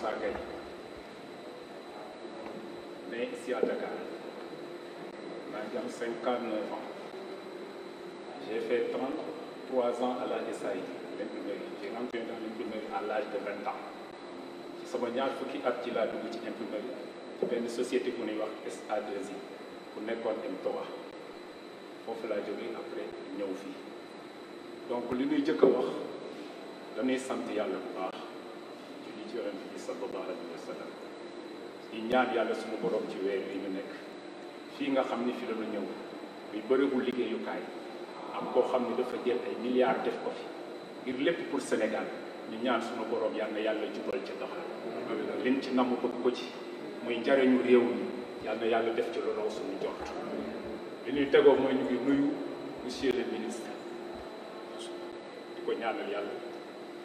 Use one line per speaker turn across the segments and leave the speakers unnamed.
Sargueil. Né ici à Dakar. J'ai 59 ans. J'ai fait 33 ans à la SAI, l'imprimerie. J'ai rentré dans l'imprimerie à l'âge de 20 ans. ci sama ñaar fukki at ci laa dugg ci imprimerie ci benn société bu ñuy wax SA2I bu nekkoon dem Toba fofu la jógee après ñëw fi donc li ñuy jëkk wax dañuy sant yalla bu baax alayhi wa sallam di ñaan yàlla suma borom ci weer yi ñu nekk fii nga xam ni fi la ñu ñëw bi bëriwul liggéeyukaay am koo xam ni dafa jël ay milliards def ko fi ngir lépp pour Sénégal ñu ñaan suñu boroom yal na yàlla jubal ci doxal liñ ci namm bëgg ko ci muy njariñu réew mi yàlla def ci lu suñu jot li ñuy tegoo mooy ñu ngi nuyu monsieur le ministre di ko ñaanal yàlla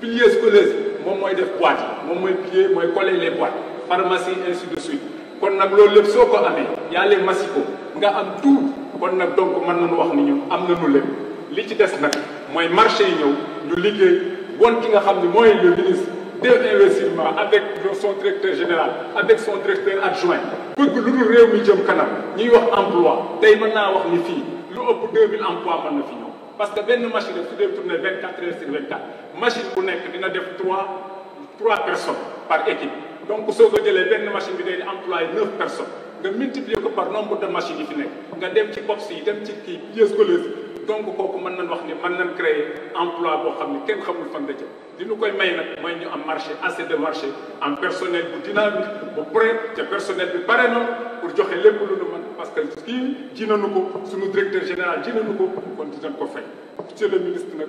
pilier scolaire moom mooy def boîte yi moom mooy pilier mooy coller les boîtes pharmacie ainsi de suite kon nag loolu lépp soo ko amee yaa les masico nga am tout kon nag donc mën nañu wax ni ñun am nous lépp li ci des nag mooy marché yi ñëw ñu liggéey won ki nga xam ne mooy le ministre des investissements avec son directeur général avec son directeur adjoint Pour lu dul réew mi jëm kanam ñuy wax emploi tey mën naa wax ni Nous lu ëpp 2000 emplois mën na fi parce que benn machines, tout doit tourner 24 heures sur 24 machine bu nekk dina def 3 3 personnes par équipe donc soo ko jëlee benn machine bi day employé 9 personnes nga multiplier ko par nombre de machines yi fi nek nga dem ci box yi dem ci kii pièces colleuses donc kooku man nañ wax ni man nañ créer emploi bo xamni ne kenn xamul fan la jëm di koy may nak moy ñu am marché assez de marché en personnel bu dynamique bu prêt ci personnel bi paré non pour joxe lepp lu ñu man parce que kii ji nañu ko suñu directeur général ji nañu ko kon tan ko fay ci le ministre nak